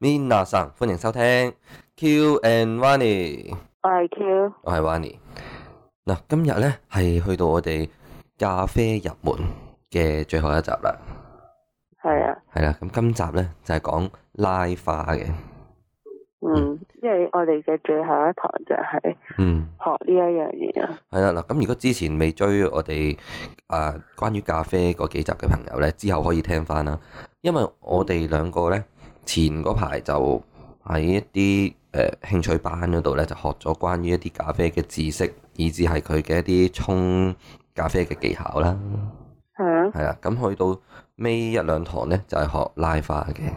Minna さん，歡迎收聽 Q and Wani，我係 Q，我係 Wani。嗱，今日咧係去到我哋咖啡入門嘅最後一集啦。係啊，係啦。咁今集咧就係講拉花嘅。嗯，因為我哋嘅最後一堂就係嗯學呢一樣嘢啊。係啦，嗱，咁如果之前未追我哋啊關於咖啡嗰幾集嘅朋友咧，之後可以聽翻啦。因為我哋兩個咧。前嗰排就喺一啲誒、呃、興趣班嗰度咧，就學咗關於一啲咖啡嘅知識，以至係佢嘅一啲沖咖啡嘅技巧啦。係啊、嗯。係啊，咁去到尾一兩堂咧，就係、是、學拉花嘅。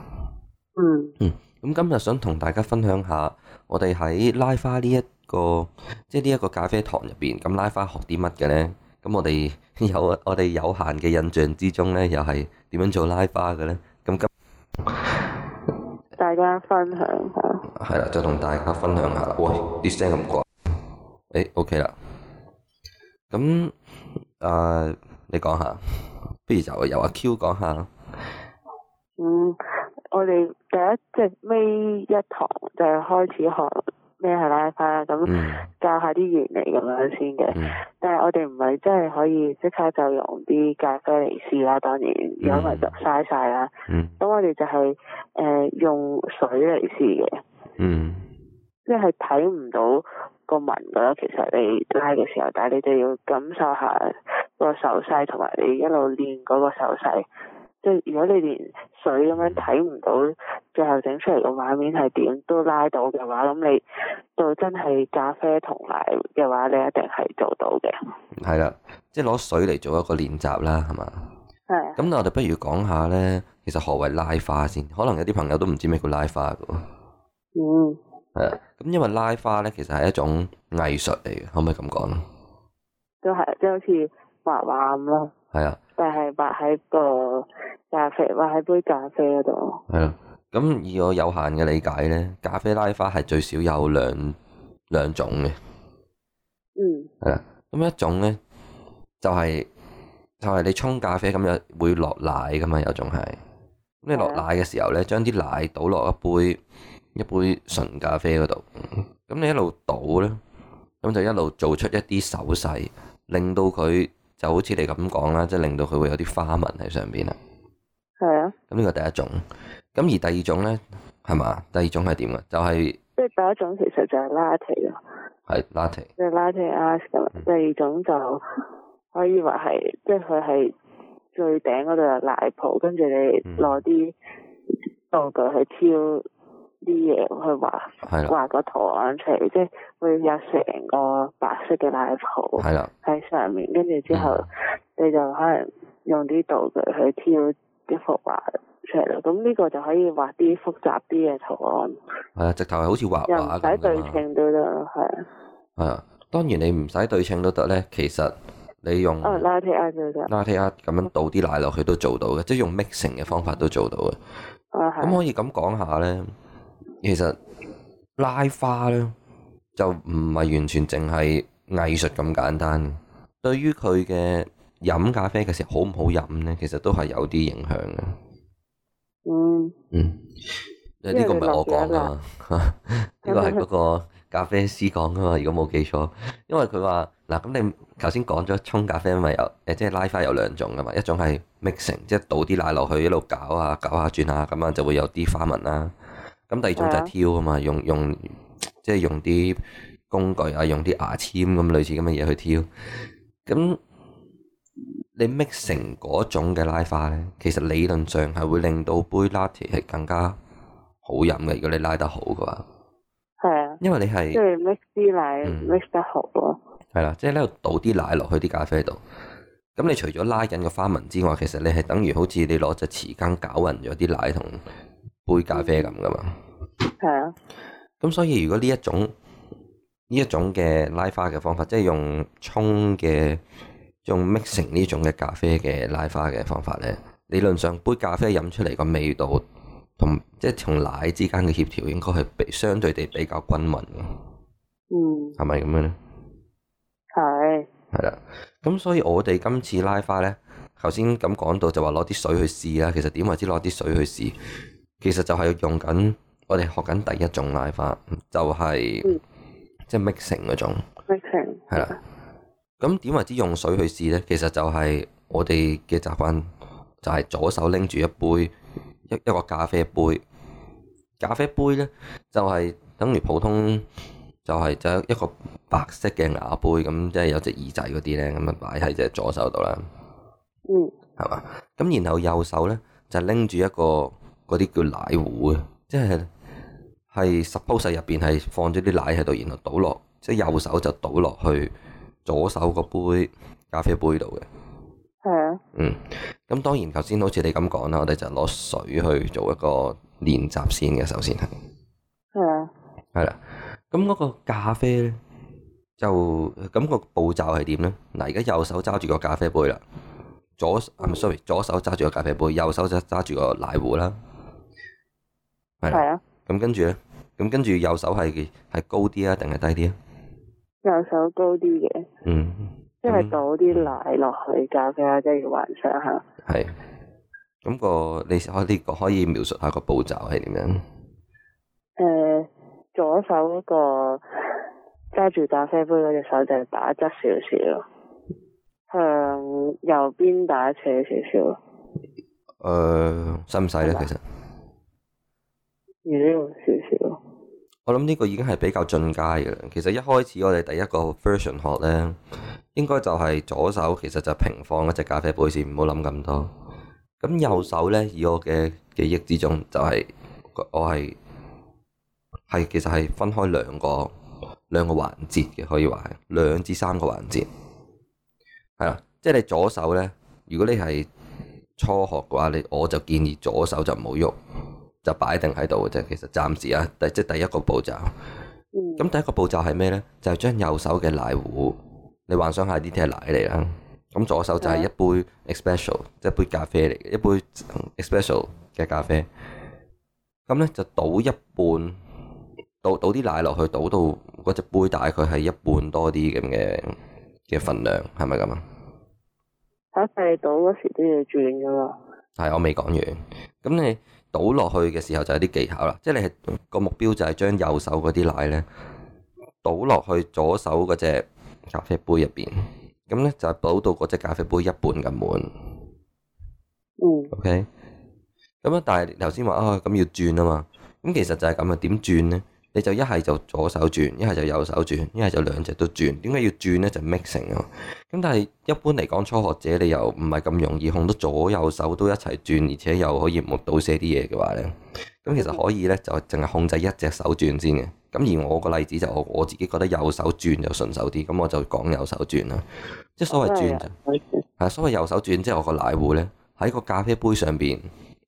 嗯。嗯。咁今日想同大家分享下，我哋喺拉花呢一個，即係呢一個咖啡堂入邊，咁拉花學啲乜嘅咧？咁我哋有我哋有，有限嘅印象之中咧，又係點樣做拉花嘅咧？大家分享下，係啦，就同大家分享下。喂，啲聲咁怪，誒，OK 啦。咁啊，你講、OK 呃、下，不如就由阿 Q 講下。嗯，我哋第一即係尾一堂就係、是、開始學。咩係拉花咁教下啲原理咁樣先嘅。嗯、但係我哋唔係真係可以即刻就用啲咖啡嚟試啦，當然有咪就嘥晒啦。嗯，咁我哋就係、是、誒、呃、用水嚟試嘅，嗯，即係睇唔到個紋㗎啦。其實你拉嘅時候，但係你就要感受下個手勢同埋你一路練嗰個手勢。即係如果你連水咁樣睇唔到，最後整出嚟個畫面係點都拉到嘅話，咁你到真係咖啡同奶嘅話，你一定係做到嘅。係啦，即係攞水嚟做一個練習啦，係嘛？係。咁，我哋不如講下咧，其實何謂拉花先？可能有啲朋友都唔知咩叫拉花嘅。嗯。係啊，咁因為拉花咧，其實係一種藝術嚟嘅，可唔可以咁講？都係，即係好似畫畫咁咯。係啊。但係畫喺個。咖啡，話喺杯咖啡嗰度。係咯，咁以我有限嘅理解呢，咖啡拉花係最少有兩兩種嘅。嗯。係啦，咁一種呢，就係就係你沖咖啡咁樣會落奶噶嘛，有種係。咁你落奶嘅時候呢，將啲奶倒落一杯一杯純咖啡嗰度，咁你一路倒呢，咁就一路做出一啲手勢，令到佢。就好似你咁講啦，即係令到佢會有啲花紋喺上邊啊。係啊。咁呢個第一種，咁而第二種咧係嘛？第二種係點啊？就係即係第一種其實就係拉提咯，係拉提，即係拉提 ask 噶啦。第二種就可以話係，即係佢係最頂嗰度有奶泡，跟住你攞啲道具去挑。啲嘢去畫，畫的個圖案出嚟，即係會有成個白色嘅奶泡喺上面，跟住的之後你就可能用啲道具去挑一幅畫出嚟，咁呢個就可以畫啲複雜啲嘅圖案。係啊，直頭係好似畫畫咁啊。唔使對稱都得，係啊的。係啊，當然你唔使對稱都得咧。其實你用、哦、拉、就是、拉提拉都得，拉提拉咁樣倒啲奶落去都做到嘅，即、就、係、是、用 mixing 嘅方法都做到嘅。咁、哦、可以咁講下咧。其實拉花咧就唔係完全淨係藝術咁簡單。對於佢嘅飲咖啡嘅時候好唔好飲咧，其實都係有啲影響嘅。嗯嗯，誒，呢個唔係我講噶，呢個係嗰個咖啡師講噶嘛。如果冇記錯，因為佢話嗱咁，你頭先講咗沖咖啡咪有誒，即係拉花有兩種噶嘛，一種係 mixing，即係倒啲奶落去一路攪啊攪下轉啊，咁樣就會有啲花紋啦。咁第二種就係挑啊嘛，用用即係用啲工具啊，用啲牙籤咁類似咁嘅嘢去挑。咁你 mix 成嗰種嘅拉花咧，其實理論上係會令到杯 latte 係更加好飲嘅。如果你拉得好嘅話，係啊的，因為你係即係 mix 啲奶 mix 得好咯。係啦，即係呢度倒啲奶落去啲咖啡度。咁你除咗拉緊個花紋之外，其實你係等於好似你攞隻匙羹攪勻咗啲奶同杯咖啡咁噶嘛？係啊、嗯。咁所以如果呢一種呢一種嘅拉花嘅方法，即係用沖嘅用 mixing 呢種嘅咖啡嘅拉花嘅方法咧，理論上杯咖啡飲出嚟個味道同即係同奶之間嘅協調，應該係比相對地比較均勻嘅。嗯。係咪咁樣咧？係的。係啦，咁所以我哋今次拉花咧，頭先咁講到就話攞啲水去試啦。其實點為之攞啲水去試？其實就係用緊我哋學緊第一種奶法，就係、是嗯、即係 mixing 嗰種。mixing，係啦。咁點為之用水去試咧？其實就係我哋嘅習慣，就係、是、左手拎住一杯一一個咖啡杯，咖啡杯咧就係、是、等於普通就係、是、就一個白色嘅瓦杯，咁即係有隻耳仔嗰啲咧，咁啊擺喺隻左手度啦。嗯。係嘛？咁然後右手咧就拎、是、住一個。嗰啲叫奶壺嘅，即係係 suppose 入邊係放咗啲奶喺度，然後倒落即係右手就倒落去左手個杯咖啡杯度嘅。係啊。嗯，咁當然頭先好似你咁講啦，我哋就攞水去做一個練習先嘅，首先係。係啊。 係啦，咁嗰個咖啡咧，就咁個步驟係點咧？嗱，而家右手揸住個咖啡杯啦，左 I'm sorry，左手揸住個咖啡杯，右手就揸住個奶壺啦。係啊，咁跟住咧，咁跟住右手係係高啲啊，定係低啲啊？右手高啲嘅，嗯，因為倒啲奶落去咖啡啊，即係要幻想下。係，咁個你可呢個可以描述下個步驟係點樣？誒，左手嗰個揸住咖啡杯嗰隻手就打側少少囉，向右邊打斜少少囉。誒，使唔使咧？係，其實？我諗呢個已經係比較進階嘅。其實一開始我哋第一個 version 學咧，應該就係左手其實就平放一隻咖啡杯先，唔好諗咁多。咁右手咧，以我嘅記憶之中，就係，就係我係係其實係分開兩個兩個環節嘅，可以話係兩至三個環節。係啦，即係你左手咧，如果你係初學嘅話，你我就建議左手就唔好喐。就擺定喺度嘅啫。其實暫時啊，第即係第一個步驟。咁、嗯、第一個步驟係咩咧？就係、是、將右手嘅奶壺，你幻想下呢啲係奶嚟啦。咁左手就係一杯 especial，即係一杯咖啡嚟嘅，一杯 special 嘅咖啡。咁咧就倒一半，倒倒啲奶落去，倒到嗰隻杯大概係一半多啲咁嘅嘅分量，係咪咁啊？喺細倒嗰時都要轉噶嘛。係我未講完，咁你。倒落去嘅時候就有啲技巧啦，即係你係個目標就係將右手嗰啲奶咧倒落去左手嗰隻咖啡杯入邊，咁咧就係倒到嗰隻咖啡杯一半咁滿。嗯、OK。咁、哎、啊，但係頭先話啊，咁要轉啊嘛，咁其實就係咁啊，點轉咧？你就一係就左手轉，一係就右手轉，一係就兩隻都轉。點解要轉呢？就 mixing、係、咯。咁但係一般嚟講，初學者你又唔係咁容易控到左右手都一齊轉，而且又可以目倒寫啲嘢嘅話呢。咁其實可以呢，就淨係控制一隻手轉先嘅。咁而我個例子就我我、我自己覺得右手轉就順手啲，咁我就講右手轉啦。即係所謂轉就 所謂右手轉，即係我個奶壺呢，喺個咖啡杯上邊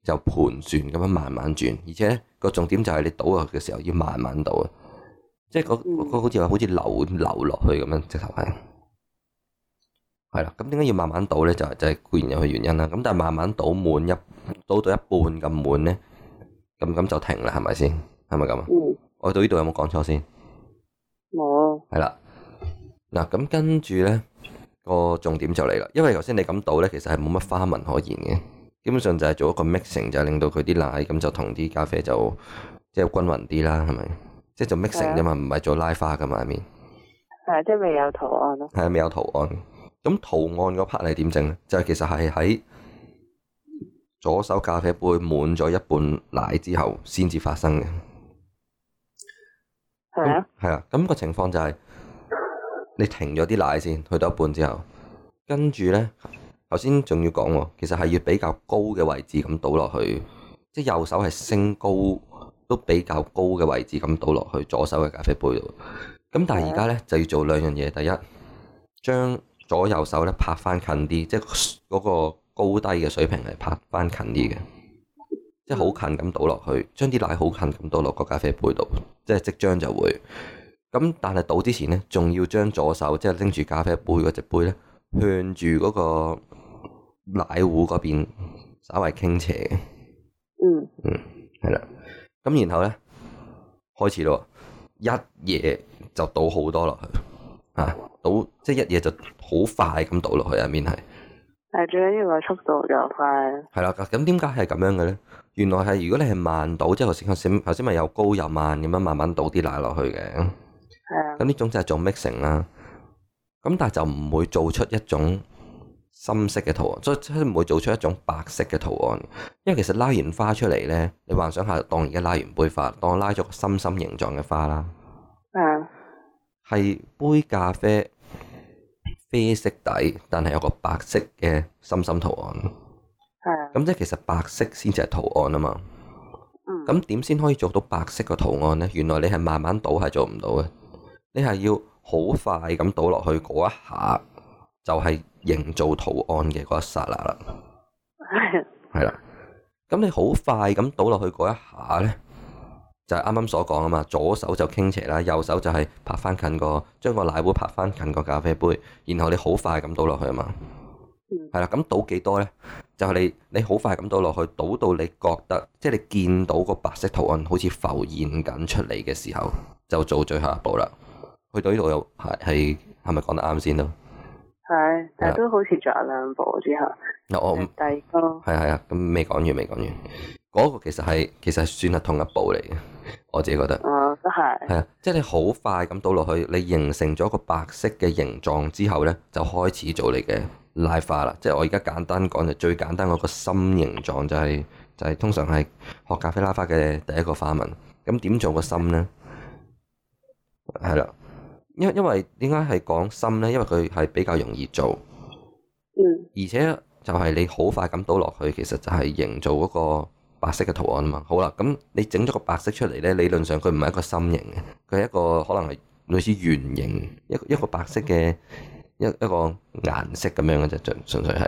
就盤旋咁樣慢慢轉，而且。個重點就係你倒落去嘅時候要慢慢倒啊，嗯、即係嗰嗰好似好似流流落去咁樣直頭係，係啦。咁點解要慢慢倒咧？就係、就係、係、固然有佢原因啦。咁但係慢慢倒滿一倒到一半咁滿咧，咁咁就停啦，係咪先？係咪咁啊？嗯、我到有有、嗯、對呢度有冇講錯先？冇。係啦，嗱咁跟住咧個重點就嚟啦，因為頭先你咁倒咧，其實係冇乜花紋可言嘅。基本上就係做一個 mixing，就係、是、令到佢啲奶咁就同啲咖啡就即係均勻啲啦，係咪？即、就、係、是、做 mixing 啫嘛，唔係做拉花噶嘛，係咪、啊？係即係未有圖案咯、啊。係啊，未有圖案。咁圖案嗰 part 你點整咧？就係、是、其實係喺左手咖啡杯滿咗一半奶之後先至發生嘅。係啊。係啊，咁、那個情況就係你停咗啲奶先，去到一半之後，跟住咧。頭先仲要講喎，其實係要比較高嘅位置咁倒落去，即係右手係升高都比較高嘅位置咁倒落去，左手嘅咖啡杯度。咁但係而家呢，就要做兩樣嘢，第一將左右手呢拍翻近啲，即係嗰個高低嘅水平係拍翻近啲嘅，即係好近咁倒落去，將啲奶好近咁倒落個咖啡杯度，即係即將就會。咁但係倒之前呢，仲要將左手即係拎住咖啡杯嗰隻杯呢，向住嗰個奶壺嗰邊稍為傾斜。嗯，嗯，嗯，係啦，咁然後咧，開始咯，一夜就倒好多落去，啊，倒即係一夜就好快咁倒落去入面係，係最緊要係速度又快，係啦，咁點解係咁樣嘅咧？原來係如果你係慢倒，即係頭先先，頭先咪又高又慢咁樣慢慢倒啲奶落去嘅，係、嗯、啊，咁呢種就係做 mixing 啦，咁但係就唔會做出一種。深色嘅圖案，所以唔會做出一種白色嘅圖案。因為其實拉完花出嚟呢，你幻想下，當而家拉完杯花，當我拉咗個心心形狀嘅花啦。係、嗯。杯咖啡啡色底，但係有個白色嘅心心圖案。咁、嗯、即係其實白色先至係圖案啊嘛。嗯。咁點先可以做到白色嘅圖案呢？原來你係慢慢倒係做唔到嘅，你係要好快咁倒落去嗰一下，就係、是。營造圖案嘅嗰一剎那啦，係啦， 咁你好快咁倒落去嗰一下呢，就係啱啱所講啊嘛，左手就傾斜啦，右手就係拍翻近個，將個奶杯拍翻近個咖啡杯，然後你好快咁倒落去啊嘛，係啦， 咁倒幾多呢？就係、是、你你好快咁倒落去，倒到你覺得即係、就是、你見到個白色圖案好似浮現緊出嚟嘅時候，就做最後一步啦。去到呢度又係，係咪講得啱先都？係，但係都好似着有兩步之後，我第二個係係啊，咁未講完未講完，嗰、那個其實係其實係算係同一步嚟嘅，我自己覺得，哦都係，係啊，即係你好快咁倒落去，你形成咗個白色嘅形狀之後咧，就開始做你嘅拉花啦，即係我而家簡單講就最簡單嗰個心形狀就係、是、就係、是、通常係學咖啡拉花嘅第一個花紋，咁點做個心咧？係啦。因因為點解係講心咧？因為佢係比較容易做，嗯，而且就係你好快咁倒落去，其實就係營造嗰個白色嘅圖案啊嘛。好啦，咁你整咗個白色出嚟咧，理論上佢唔係一個心形嘅，佢係一個可能係類似圓形，一一個白色嘅一一個顏色咁樣嘅啫，純純粹係。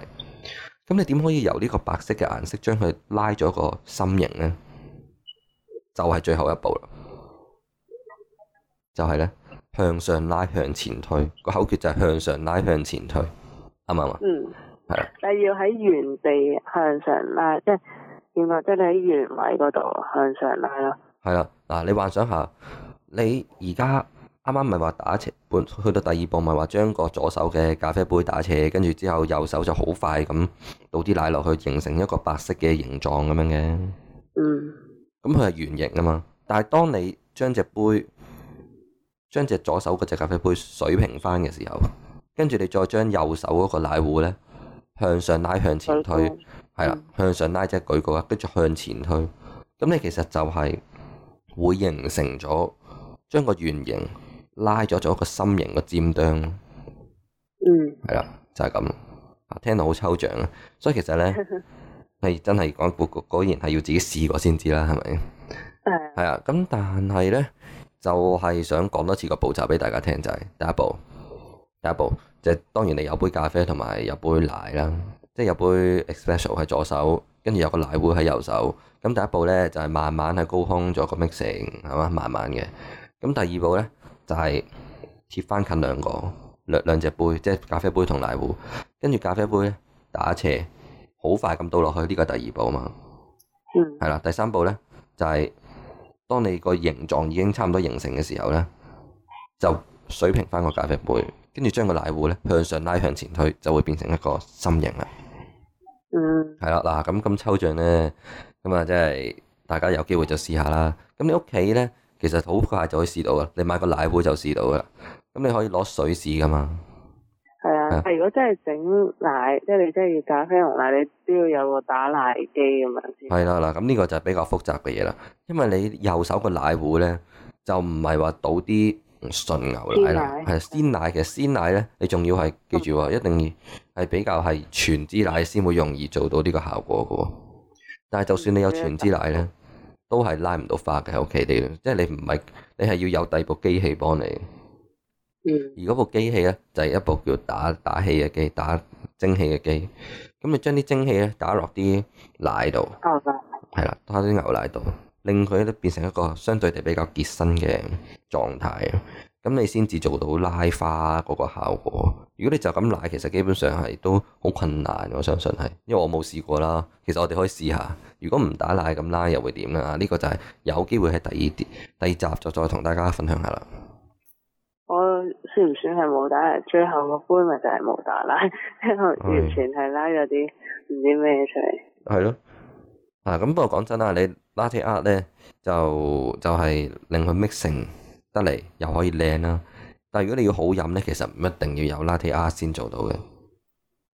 咁你點可以由呢個白色嘅顏色將佢拉咗個心形咧？就係最後一步啦，就係咧。向上拉，向前推，個口訣就係向上拉，向前推，啱唔啱啊？嗯，係啊。就要喺原地向上拉，即係，點講？即係你喺原位嗰度向上拉咯。係啦，嗱，你幻想下，你而家啱啱咪係話打斜杯，去到第二步，咪話將個左手嘅咖啡杯打斜，跟住之後右手就好快咁倒啲奶落去，形成一個白色嘅形狀咁樣嘅，嗯嗯。嗯。咁佢係圓形啊嘛，但係當你將隻杯。將隻左手嗰隻咖啡杯水平翻嘅時候，跟住你再將右手嗰個奶壺咧向上拉，向前推，係啦、嗯、向上拉即係舉高啊，跟住向前推，咁你其實就係會形成咗將個圓形拉咗做個心形個尖端，嗯，係啦，就係咁啊，聽到好抽象啊，所以其實咧係 真係講果然係要自己試過先知啦，係咪？係啊、嗯，係啊，咁但係咧。就係想講多次個步驟畀大家聽就係、是、第一步，第一步就是、當然你有杯咖啡同埋有杯奶啦，即、就、係、是、有杯 espresso 喺左手，跟住有個奶壺喺右手。咁第一步咧就係、是、慢慢喺高空做個 mixing 係嘛？慢慢嘅。咁第二步咧就係、是、貼翻近兩個兩兩隻杯，即、就、係、是、咖啡杯同奶壺，跟住咖啡杯打斜，好快咁倒落去，呢、這個係第二步啊嘛。嗯。係啦，第三步咧就係、是。當你個形狀已經差唔多形成嘅時候呢，就水平翻個咖啡杯，跟住將個奶壺呢向上拉向前推，就會變成一個心形啦。嗯。係 啦，嗱，咁咁抽象呢，咁啊，即係大家有機會就試下啦。咁你屋企呢，其實好快就可以試到噶，你買個奶壺就試到噶啦。咁你可以攞水試噶嘛。係，如果真係整奶，即係你真係要咖啡牛奶，你都要有個打奶機咁樣先。係啦，嗱， 咁呢 個就比較複雜嘅嘢啦，因為你右手個奶壺咧，就唔係話倒啲純牛奶啦，係鮮奶。其實鮮奶咧，你仲要係記住話，一定要係比較係全脂奶先會容易做到呢個效果嘅。但係就算你有全脂奶咧，都係拉唔到花嘅喺屋企哋，即係、就是、你唔係你係要有第二部機器幫你。而嗰部機器咧，就係、是、一部叫打打氣嘅機，打蒸汽嘅機。咁你將啲蒸汽咧打落啲奶度，係啦，打啲牛奶度，令佢咧變成一個相對地比較結身嘅狀態。咁你先至做到拉花嗰個效果。如果你就咁奶，其實基本上係都好困難。我相信係，因為我冇試過啦。其實我哋可以試下，如果唔打奶咁拉，又會點咧？呢、這個就係有機會係第二第二集就再同大家分享下啦。算唔算係冇打奶？最後個杯咪就係冇打奶，後打奶 完全係拉咗啲唔知咩出嚟。係咯、嗯，嗱咁、啊、不過講真啦，你拉 tea up 咧，就就係、是、令佢 mixing 得嚟又可以靚啦、啊。但係如果你要好飲咧，其實唔一定要有 Latte Art 先做到嘅。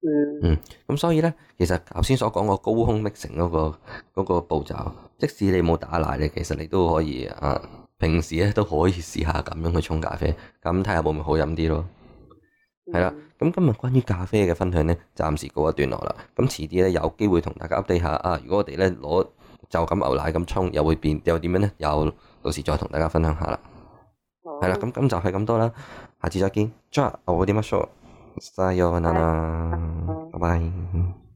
嗯。嗯。咁所以咧，其實頭先所講個高空 mixing 嗰、那個那個步驟，即使你冇打奶咧，其實你都可以啊。平時咧都可以試下咁樣去沖咖啡，咁睇下會唔會好飲啲咯。係啦、嗯，咁今日關於咖啡嘅分享呢，暫時告一段落啦。咁遲啲咧有機會同大家 update 下啊。如果我哋咧攞就咁牛奶咁沖，又會變又點樣咧？又，呢又到時再同大家分享下啦。係啦、嗯，咁今集就係咁多啦，下次再見。Jo，我點乜 show？Sayonara，拜拜。